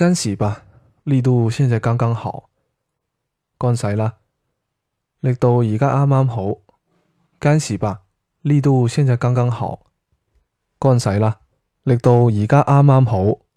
乾洗吧，力度現在剛剛好，乾洗啦，力度而家啱啱好，乾洗吧，力度現在剛剛好，乾洗啦，力度而家啱啱好。